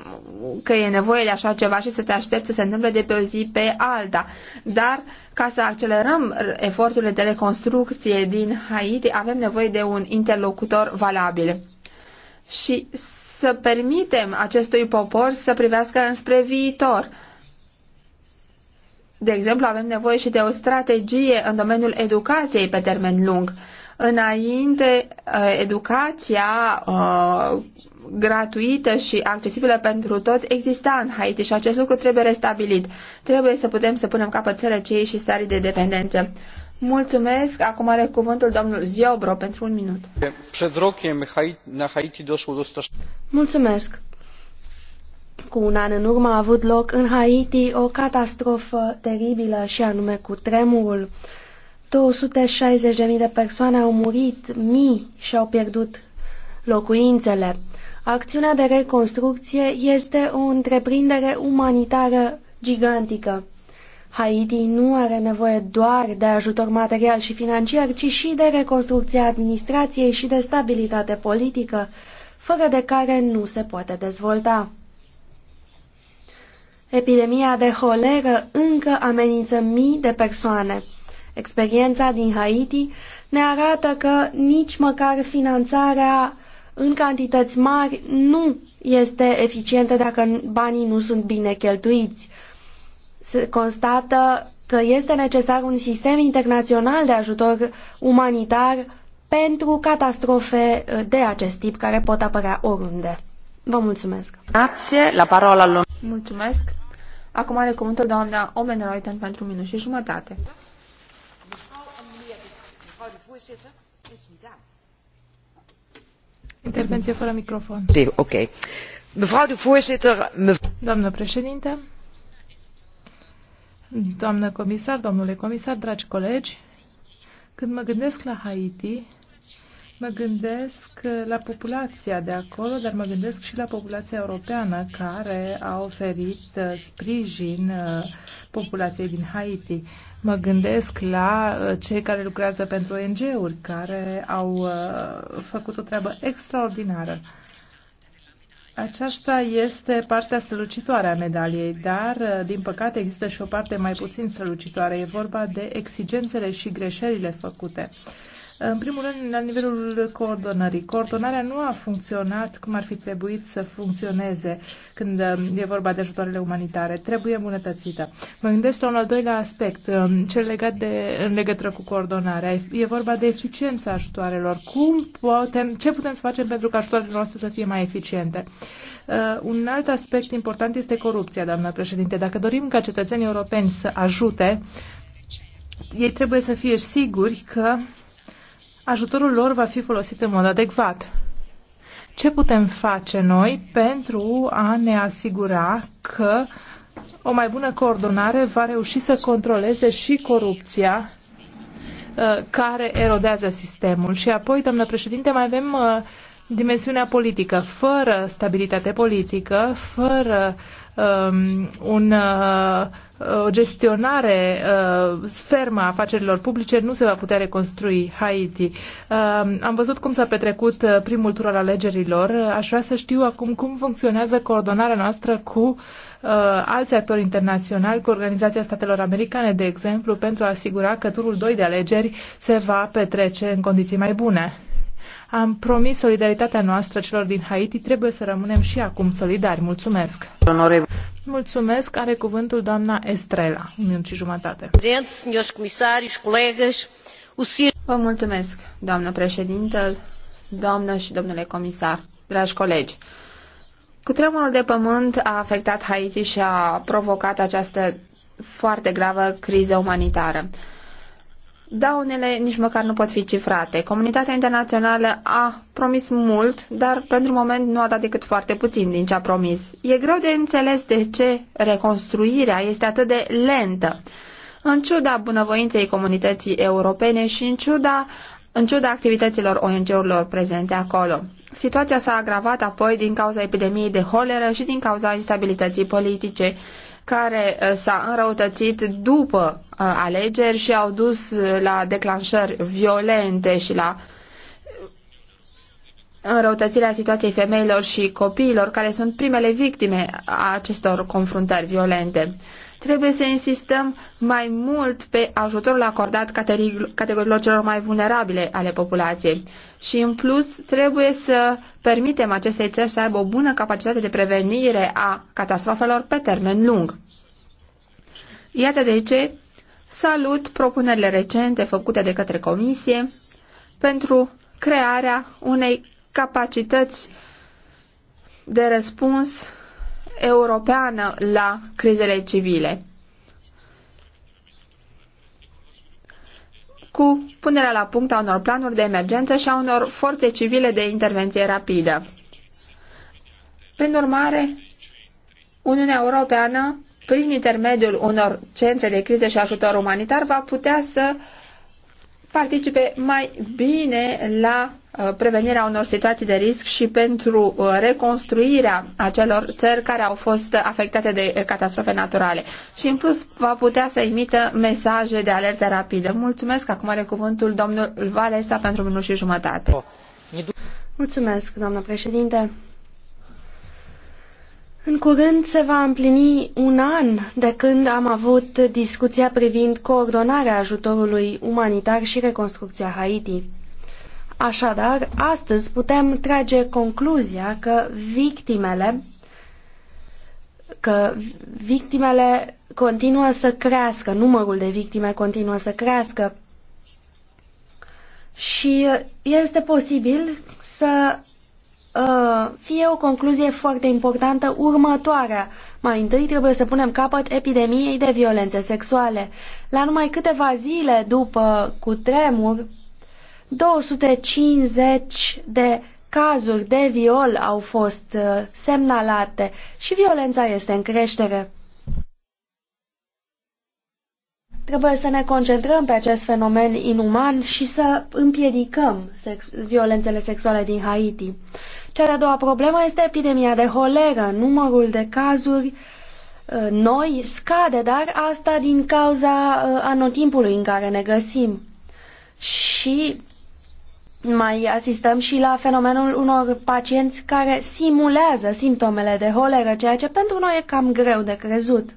că e nevoie de așa ceva și să te aștepți să se întâmple de pe o zi pe alta, dar ca să accelerăm eforturile de reconstrucție din Haiti, avem nevoie de un interlocutor valabil. Și să permitem acestui popor să privească înspre viitor. De exemplu, avem nevoie și de o strategie în domeniul educației pe termen lung. Înainte, uh, educația uh, gratuită și accesibilă pentru toți exista în Haiti și acest lucru trebuie restabilit. Trebuie să putem să punem capăt sărăciei și stării de dependență. Mulțumesc. Acum are cuvântul domnul Ziobro pentru un minut. Mulțumesc. Cu un an în urmă a avut loc în Haiti o catastrofă teribilă și anume cu tremurul. 260.000 de persoane au murit, mii și-au pierdut locuințele. Acțiunea de reconstrucție este o întreprindere umanitară gigantică. Haiti nu are nevoie doar de ajutor material și financiar, ci și de reconstrucția administrației și de stabilitate politică, fără de care nu se poate dezvolta. Epidemia de holeră încă amenință mii de persoane. Experiența din Haiti ne arată că nici măcar finanțarea în cantități mari nu este eficientă dacă banii nu sunt bine cheltuiți. Se constată că este necesar un sistem internațional de ajutor umanitar pentru catastrofe uh, de acest tip care pot apărea oriunde. Vă mulțumesc. Grazie, la parola Mulțumesc. Acum are cuvântul doamna Omenreuten pentru minut și jumătate. Intervenție fără microfon. Ok. Mevrouw de voorzitter, me... Doamnă președinte, doamnă comisar, domnule comisar, dragi colegi, când mă gândesc la Haiti, mă gândesc la populația de acolo, dar mă gândesc și la populația europeană care a oferit uh, sprijin uh, populației din Haiti. Mă gândesc la uh, cei care lucrează pentru ONG-uri, care au uh, făcut o treabă extraordinară. Aceasta este partea strălucitoare a medaliei, dar, uh, din păcate, există și o parte mai puțin strălucitoare. E vorba de exigențele și greșelile făcute. În primul rând, la nivelul coordonării. Coordonarea nu a funcționat cum ar fi trebuit să funcționeze când um, e vorba de ajutoarele umanitare. Trebuie îmbunătățită. Mă gândesc la un al doilea aspect, um, cel legat de, în legătură cu coordonarea. E vorba de eficiența ajutoarelor. Cum putem, ce putem să facem pentru ca ajutoarele noastre să fie mai eficiente? Uh, un alt aspect important este corupția, doamnă președinte. Dacă dorim ca cetățenii europeni să ajute, ei trebuie să fie siguri că uh, ajutorul lor va fi folosit în mod adecvat. Ce putem face noi pentru a ne asigura că o mai bună coordonare va reuși să controleze și corupția uh, care erodează sistemul. Și apoi, doamnă președinte, mai avem uh, dimensiunea politică. Fără stabilitate politică, fără um, un, uh, o gestionare uh, fermă a afacerilor publice, nu se va putea reconstrui Haiti. Uh, am văzut cum s-a petrecut uh, primul tur al alegerilor. Aș vrea să știu acum cum funcționează coordonarea noastră cu uh, alți actori internaționali, cu Organizația Statelor Americane, de exemplu, pentru a asigura că turul 2 de alegeri se va petrece în condiții mai bune. Am promis solidaritatea noastră celor din Haiti, trebuie să rămânem și acum solidari. Mulțumesc! Onore. Mulțumesc, are cuvântul doamna Estrela, un minut și jumătate. Vă mulțumesc, doamnă președintă, doamnă și domnule comisar, dragi colegi. Cutremurul de pământ a afectat Haiti și a provocat această foarte gravă criză umanitară. Daunele nici măcar nu pot fi cifrate. Comunitatea internațională a promis mult, dar pentru moment nu a dat decât foarte puțin din ce a promis. E greu de înțeles de ce reconstruirea este atât de lentă. În ciuda bunăvoinței comunității europene și în ciuda, în ciuda activităților ONG-urilor prezente acolo. Situația s-a agravat apoi din cauza epidemiei de holeră și din cauza instabilității politice, care uh, s-a înrăutățit după uh, alegeri și au dus la declanșări violente și la uh, înrăutățirea situației femeilor și copiilor, care sunt primele victime a acestor confruntări violente. Trebuie să insistăm mai mult pe ajutorul acordat categoriilor celor mai vulnerabile ale populației. Și în plus trebuie să permitem acestei țări să aibă o bună capacitate de prevenire a catastrofelor pe termen lung. Iată de ce salut propunerile recente făcute de către Comisie pentru crearea unei capacități de răspuns europeană la crizele civile. cu punerea la punct a unor planuri de emergență și a unor forțe civile de intervenție rapidă. Prin urmare, Uniunea Europeană, prin intermediul unor centre de criză și ajutor umanitar, va putea să participe mai bine la Uh, prevenirea unor situații de risc și pentru uh, reconstruirea acelor țări care au fost afectate de catastrofe naturale. Și în plus va putea să emită mesaje de alertă rapidă. Mulțumesc, acum are cuvântul domnul Valesa pentru minut și jumătate. Mulțumesc, doamnă președinte. În curând se va împlini un an de când am avut discuția privind coordonarea ajutorului umanitar și reconstrucția Haiti. Așadar, astăzi putem trage concluzia că victimele că victimele continuă să crească, numărul de victime continuă să crească și este posibil să uh, fie o concluzie foarte importantă următoarea. Mai întâi trebuie să punem capăt epidemiei de violențe sexuale. La numai câteva zile după cutremur, 250 de cazuri de viol au fost uh, semnalate și violența este în creștere. Trebuie să ne concentrăm pe acest fenomen inuman și să împiedicăm sex violențele sexuale din Haiti. Cea de-a doua problemă este epidemia de holeră. Numărul de cazuri uh, noi scade, dar asta din cauza uh, anotimpului în care ne găsim. Și mai asistăm și la fenomenul unor pacienți care simulează simptomele de holeră, ceea ce pentru noi e cam greu de crezut.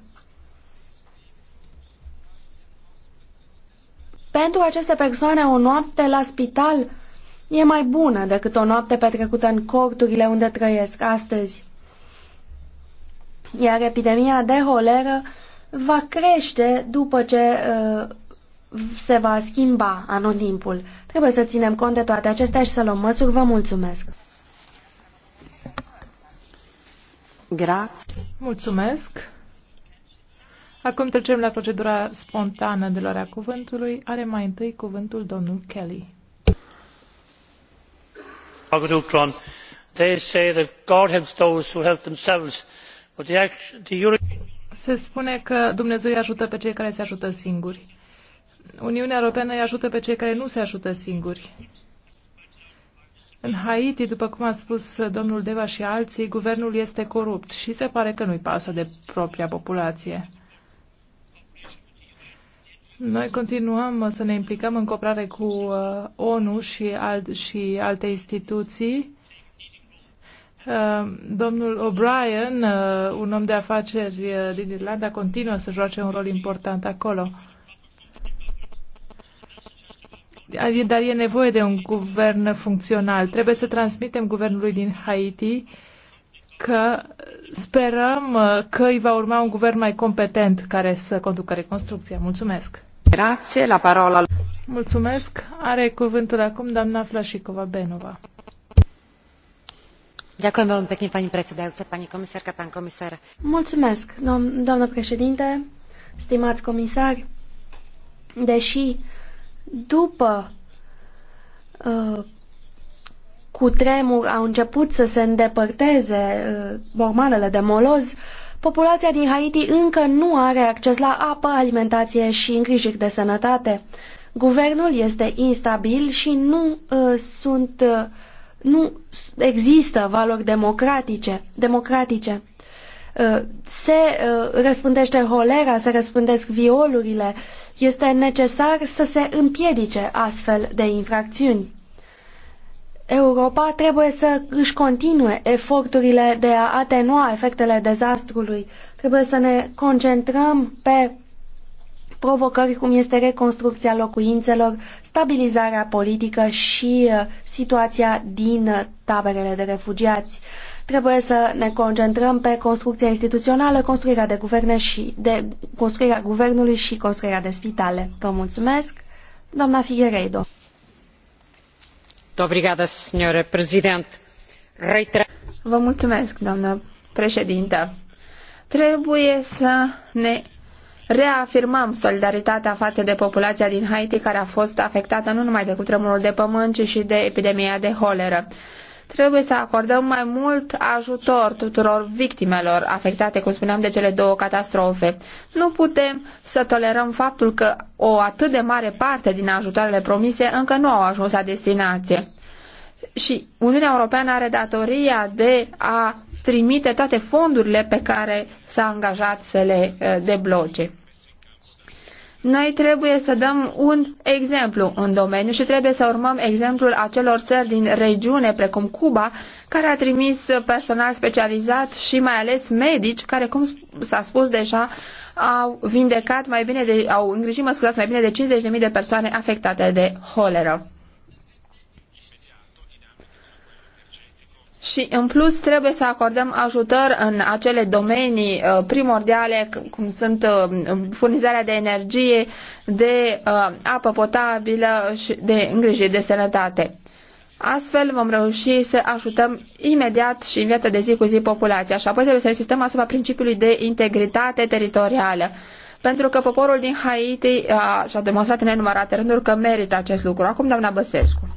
Pentru aceste persoane, o noapte la spital e mai bună decât o noapte petrecută în corturile unde trăiesc astăzi. Iar epidemia de holeră va crește după ce uh, se va schimba anotimpul. Trebuie să ținem cont de toate acestea și să luăm măsuri. Vă mulțumesc! Grazie. Mulțumesc! Acum trecem la procedura spontană de luarea cuvântului. Are mai întâi cuvântul domnul Kelly. Se spune că Dumnezeu îi ajută pe cei care se ajută singuri. Uniunea Europeană îi ajută pe cei care nu se ajută singuri. În Haiti, după cum a spus domnul Deva și alții, guvernul este corupt și se pare că nu-i pasă de propria populație. Noi continuăm să ne implicăm în cooperare cu uh, ONU și, alt, și alte instituții. Uh, domnul O'Brien, uh, un om de afaceri din Irlanda, continuă să joace un rol important acolo dar e nevoie de un guvern funcțional. Trebuie să transmitem guvernului din Haiti că sperăm uh, că îi va urma un guvern mai competent care să conducă reconstrucția. Mulțumesc! Grație, la parola. Mulțumesc. Are cuvântul acum doamna Flașicova Benova. Mulțumesc, doamnă președinte, stimați comisari. Deși după uh, cu tremur au început să se îndepărteze uh, bormanele de moloz, populația din Haiti încă nu are acces la apă, alimentație și îngrijiri de sănătate. Guvernul este instabil și nu uh, sunt uh, nu există valori democratice, democratice. Uh, se uh, răspândește holera, se răspândesc violurile. Este necesar să se împiedice astfel de infracțiuni. Europa trebuie să își continue eforturile de a atenua efectele dezastrului. Trebuie să ne concentrăm pe provocări cum este reconstrucția locuințelor, stabilizarea politică și uh, situația din taberele de refugiați. Trebuie să ne concentrăm pe construcția instituțională, construirea de guverne și de construirea guvernului și construirea de spitale. Vă mulțumesc. Doamna Figueiredo. Obrigada, signore prezident. Vă mulțumesc, doamnă președintă. Trebuie să ne Reafirmăm solidaritatea față de populația din Haiti care a fost afectată nu numai de cutremurul de pământ, ci și de epidemia de holeră. Trebuie să acordăm mai mult ajutor tuturor victimelor afectate, cum spuneam, de cele două catastrofe. Nu putem să tolerăm faptul că o atât de mare parte din ajutoarele promise încă nu au ajuns la destinație. Și Uniunea Europeană are datoria de a trimite toate fondurile pe care s-a angajat să le eh, debloce. Noi trebuie să dăm un exemplu în domeniu și trebuie să urmăm exemplul acelor țări din regiune, precum Cuba, care a trimis personal specializat și mai ales medici, care, cum s-a spus deja, au vindecat mai bine de, au îngrijit, mă scuzați, mai bine de 50.000 de persoane afectate de holeră. și în plus trebuie să acordăm ajutor în acele domenii uh, primordiale cum sunt uh, furnizarea de energie, de uh, apă potabilă și de îngrijiri de sănătate. Astfel vom reuși să ajutăm imediat și în viața de zi cu zi populația și apoi trebuie să insistăm asupra principiului de integritate teritorială. Pentru că poporul din Haiti și-a demonstrat în nenumărate rânduri că merită acest lucru. Acum, doamna Băsescu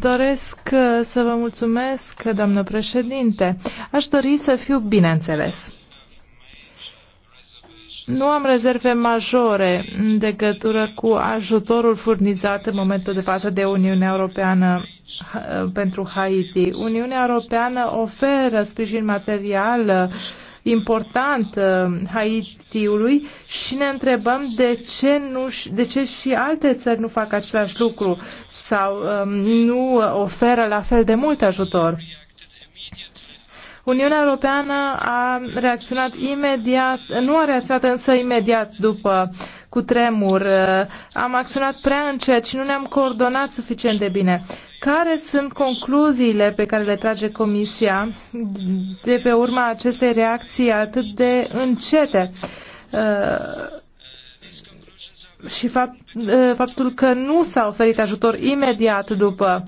Doresc uh, să vă mulțumesc, doamnă președinte. Aș dori să fiu bineînțeles. Nu am rezerve majore în legătură cu ajutorul furnizat în momentul de față de Uniunea Europeană uh, pentru Haiti. Uniunea Europeană oferă sprijin material uh, important uh, Haitiului și ne întrebăm de ce, nu, de ce și alte țări nu fac același lucru sau um, nu oferă la fel de mult ajutor. Uniunea Europeană a reacționat imediat, nu a reacționat însă imediat după cutremur. Uh, am acționat prea încet și nu ne-am coordonat suficient de bine. Care sunt concluziile pe care le trage Comisia de pe urma acestei reacții atât de încete? Uh, și uh, faptul că nu s-a oferit ajutor imediat după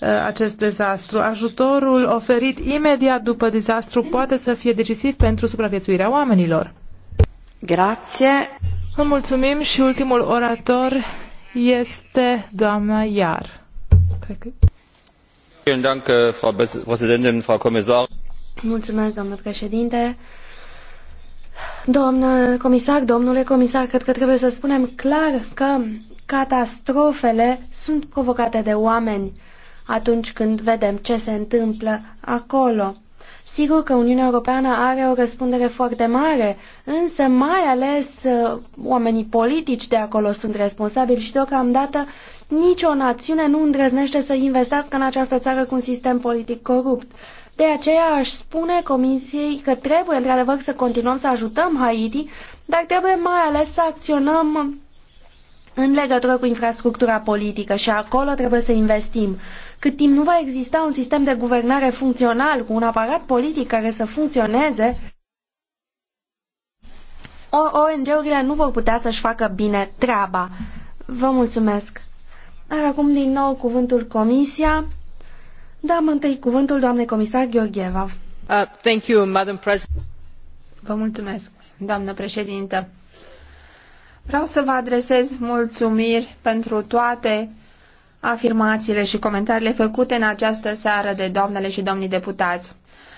uh, acest dezastru. Ajutorul oferit imediat după dezastru poate să fie decisiv pentru supraviețuirea oamenilor. Grație. Vă mulțumim și ultimul orator este doamna Iar. Äh, Mulțumesc, doamnă președinte. Doamnă comisar, domnule comisar, cred că trebuie să spunem clar că catastrofele sunt provocate de oameni atunci când vedem ce se întâmplă acolo. Sigur că Uniunea Europeană are o răspundere foarte mare, însă mai ales uh, oamenii politici de acolo sunt responsabili și deocamdată nicio națiune nu îndrăznește să investească în această țară cu un sistem politic corupt. De aceea aș spune Comisiei că trebuie într-adevăr să continuăm să ajutăm Haiti, dar trebuie mai ales să acționăm în legătură cu infrastructura politică și acolo trebuie să investim. Cât timp nu va exista un sistem de guvernare funcțional cu un aparat politic care să funcționeze, ONG-urile nu vor putea să-și facă bine treaba. Vă mulțumesc. Are acum din nou cuvântul Comisia. Da, mă întâi cuvântul doamnei comisar Gheorgheva. Uh, thank you, Madam President. Vă mulțumesc, doamnă președintă. Vreau să vă adresez mulțumiri pentru toate afirmațiile și comentariile făcute în această seară de doamnele și domnii deputați.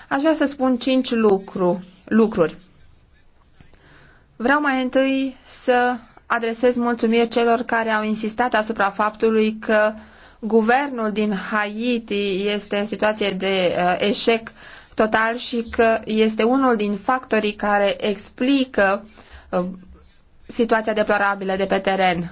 Aș vrea să spun cinci lucru, lucruri. Vreau mai întâi să adresez mulțumiri celor care au insistat asupra faptului că guvernul din Haiti este în situație de uh, eșec total și că este unul din factorii care explică uh, situația deplorabilă de pe teren.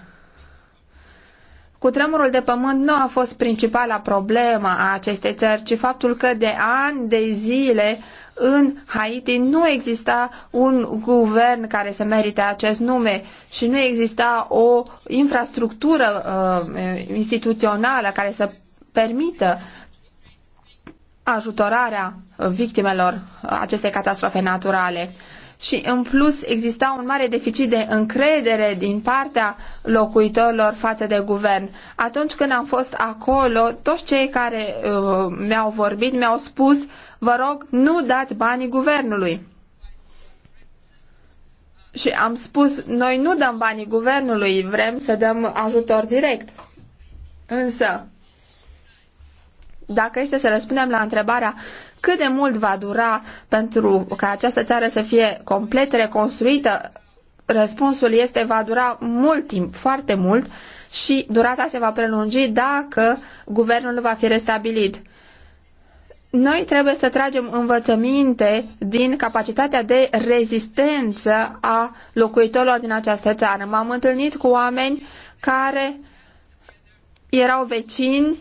Cutremurul de pământ nu a fost principala problemă a acestei țări, ci faptul că de ani de zile în Haiti nu exista un guvern care să merite acest nume și nu exista o infrastructură uh, instituțională care să permită ajutorarea victimelor acestei catastrofe naturale și în plus exista un mare deficit de încredere din partea locuitorilor față de guvern. Atunci când am fost acolo, toți cei care uh, mi-au vorbit mi-au spus, vă rog, nu dați banii guvernului. Și am spus, noi nu dăm banii guvernului, vrem să dăm ajutor direct. Însă, dacă este să răspundem la întrebarea cât de mult va dura pentru ca această țară să fie complet reconstruită, răspunsul este va dura mult timp, foarte mult și durata se va prelungi dacă guvernul va fi restabilit. Noi trebuie să tragem învățăminte din capacitatea de rezistență a locuitorilor din această țară. M-am întâlnit cu oameni care erau vecini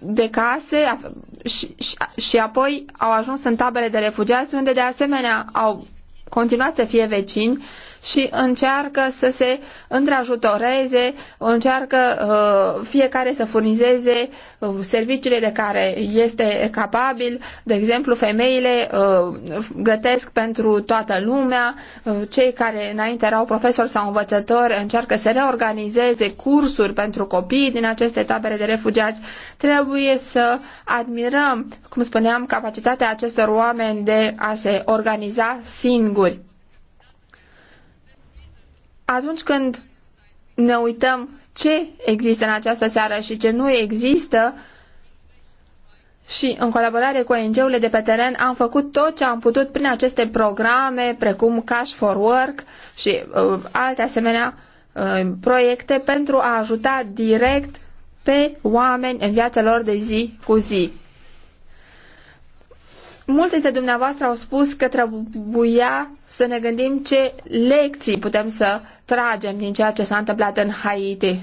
de case și, și, și apoi au ajuns în tabere de refugiați unde de asemenea au continuat să fie vecini și încearcă să se întrajutoreze, încearcă uh, fiecare să furnizeze uh, serviciile de care este capabil. De exemplu, femeile uh, gătesc pentru toată lumea, uh, cei care înainte erau profesori sau învățători încearcă să reorganizeze cursuri pentru copii din aceste tabere de refugiați. Trebuie să admirăm, cum spuneam, capacitatea acestor oameni de a se organiza singuri atunci când ne uităm ce există în această seară și ce nu există, și în colaborare cu ONG-urile de pe teren am făcut tot ce am putut prin aceste programe, precum Cash for Work și uh, alte asemenea uh, proiecte pentru a ajuta direct pe oameni în viața lor de zi cu zi. Mulți dintre dumneavoastră au spus că trebuia să ne gândim ce lecții putem să tragem din ceea ce s-a întâmplat în Haiti.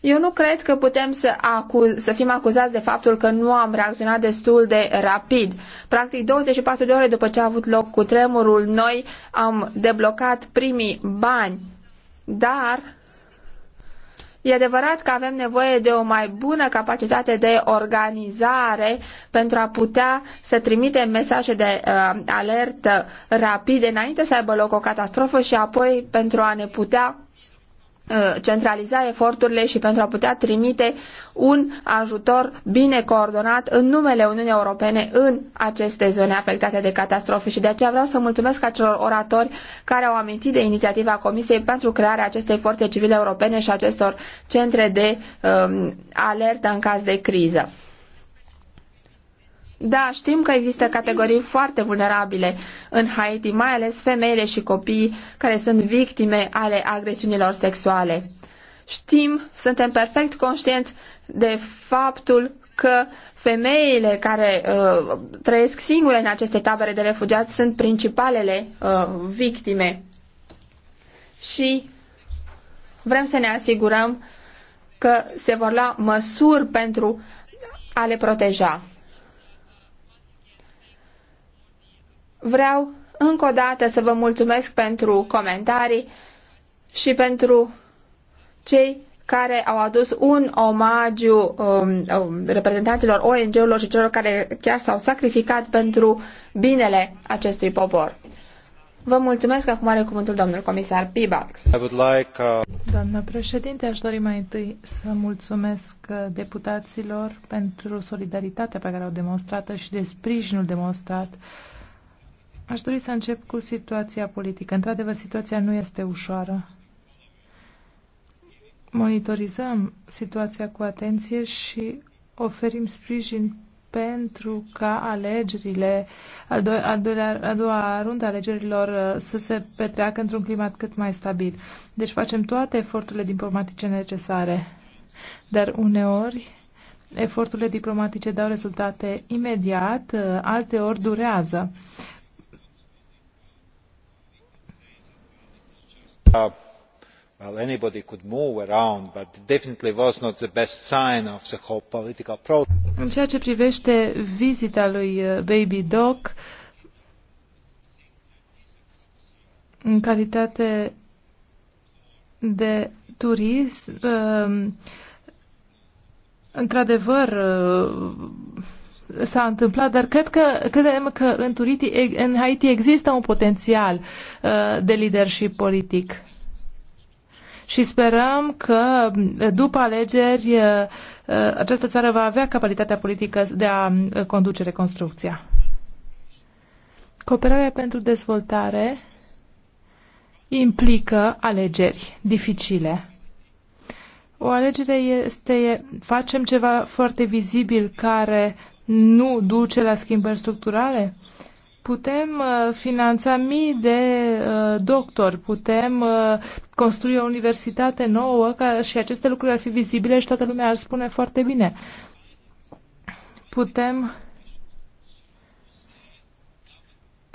Eu nu cred că putem să, acuz, să fim acuzați de faptul că nu am reacționat destul de rapid. Practic 24 de ore după ce a avut loc cu tremurul, noi am deblocat primii bani, dar E adevărat că avem nevoie de o mai bună capacitate de organizare pentru a putea să trimitem mesaje de uh, alertă rapide înainte să aibă loc o catastrofă și apoi pentru a ne putea Uh, centraliza eforturile și pentru a putea trimite un ajutor bine coordonat în numele Uniunii Europene în aceste zone afectate de catastrofe. Și de aceea vreau să mulțumesc acelor oratori care au amintit de inițiativa Comisiei pentru crearea acestei forțe civile europene și acestor centre de um, alertă în caz de criză. Da, știm că există categorii foarte vulnerabile în Haiti, mai ales femeile și copiii care sunt victime ale agresiunilor sexuale. Știm, suntem perfect conștienți de faptul că femeile care uh, trăiesc singure în aceste tabere de refugiați sunt principalele uh, victime. Și vrem să ne asigurăm că se vor lua măsuri pentru a le proteja. Vreau încă o dată să vă mulțumesc pentru comentarii și pentru cei care au adus un omagiu um, um, reprezentanților ONG-urilor și celor care chiar s-au sacrificat pentru binele acestui popor. Vă mulțumesc. Acum are cuvântul domnul comisar Pibax. Like, uh... Doamnă președinte, aș dori mai întâi să mulțumesc uh, deputaților pentru solidaritatea pe care au demonstrat-o și de sprijinul demonstrat uh, Aș dori să încep cu situația politică. Într-adevăr, situația nu este ușoară. Monitorizăm situația cu atenție și oferim sprijin pentru ca alegerile, al do- al doilea, a doua rundă alegerilor uh, să se petreacă într-un climat cât mai stabil. Deci facem toate eforturile diplomatice necesare. Dar uneori eforturile diplomatice dau rezultate imediat, uh, alteori durează. well anybody could move around but it definitely was not the best sign of the whole political process. În ceea ce privește vizita lui uh, Baby Doc în calitate de turist, uh, într-adevăr, uh, s-a întâmplat, dar cred că, credem că în, Turiti, în Haiti există un potențial uh, de leadership politic. Și sperăm că uh, după alegeri uh, această țară va avea capacitatea politică de a conduce reconstrucția. Cooperarea pentru dezvoltare implică alegeri dificile. O alegere este facem ceva foarte vizibil care nu duce la schimbări structurale? Putem uh, finanța mii de uh, doctori, putem uh, construi o universitate nouă ca și aceste lucruri ar fi vizibile și toată lumea ar spune foarte bine. Putem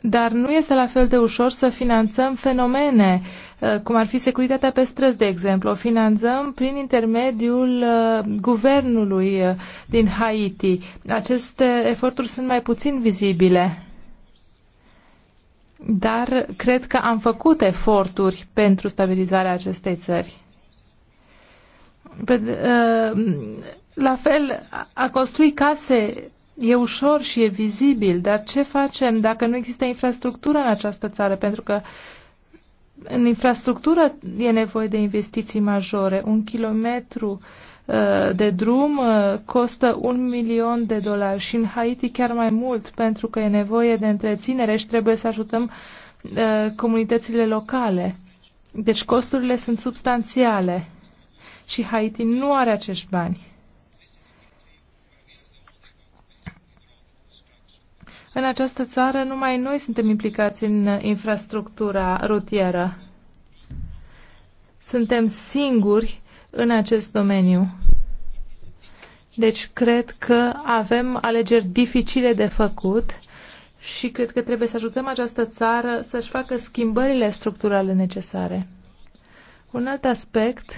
dar nu este la fel de ușor să finanțăm fenomene Uh, cum ar fi securitatea pe străzi, de exemplu. O finanțăm prin intermediul uh, guvernului uh, din Haiti. Aceste eforturi sunt mai puțin vizibile, dar cred că am făcut eforturi pentru stabilizarea acestei țări. Pe, la fel, a construi case e ușor și e vizibil, dar ce facem dacă nu există infrastructură în această țară? Pentru că în infrastructură e nevoie de investiții majore. Un kilometru uh, de drum uh, costă un milion de dolari și în Haiti chiar mai mult pentru că e nevoie de întreținere și trebuie să ajutăm uh, comunitățile locale. Deci costurile sunt substanțiale și Haiti nu are acești bani. În această țară numai noi suntem implicați în infrastructura rutieră. Suntem singuri în acest domeniu. Deci cred că avem alegeri dificile de făcut și cred că trebuie să ajutăm această țară să-și facă schimbările structurale necesare. Un alt aspect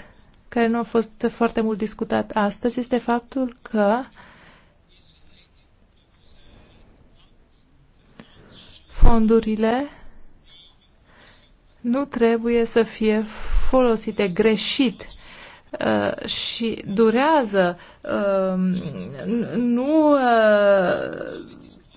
care nu a fost foarte mult discutat astăzi este faptul că uh, fondurile nu trebuie să fie folosite greșit uh, și durează. Uh, nu uh,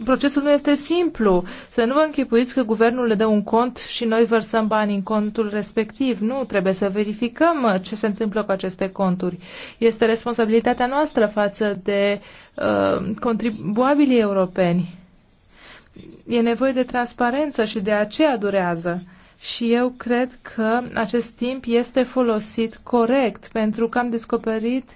procesul nu este simplu. Să nu vă închipuiți că guvernul le dă un cont și noi vărsăm bani în contul respectiv. Nu, trebuie să verificăm ce se întâmplă cu aceste conturi. Este responsabilitatea noastră față de uh, contribuabilii europeni e nevoie de transparență și de aceea durează. Și eu cred că acest timp este folosit corect, pentru că am descoperit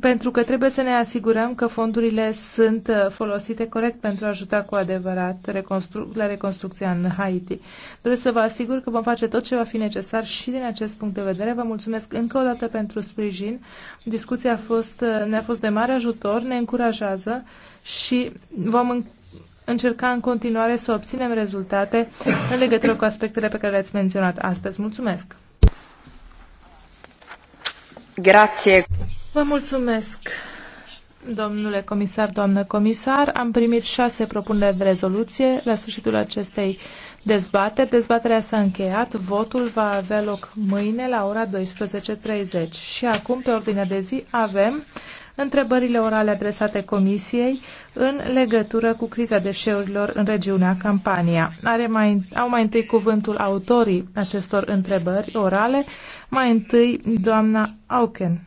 pentru că trebuie să ne asigurăm că fondurile sunt uh, folosite corect pentru a ajuta cu adevărat reconstru- la reconstrucția în Haiti. Vreau să vă asigur că vom face tot ce va fi necesar și din acest punct de vedere. Vă mulțumesc încă o dată pentru sprijin. Discuția a fost, uh, ne-a fost de mare ajutor, ne încurajează și vom încerca în continuare să obținem rezultate în legătură cu aspectele pe care le-ați menționat astăzi. Mulțumesc! Grație! Vă mulțumesc, domnule comisar, doamnă comisar. Am primit șase propuneri de rezoluție la sfârșitul acestei dezbateri. Dezbaterea s-a încheiat. Votul va avea loc mâine la ora 12.30. Și acum, pe ordinea de zi, avem întrebările orale adresate Comisiei în legătură cu criza deșeurilor în regiunea Campania. Are mai, au mai întâi cuvântul autorii acestor întrebări orale, mai întâi doamna Auken.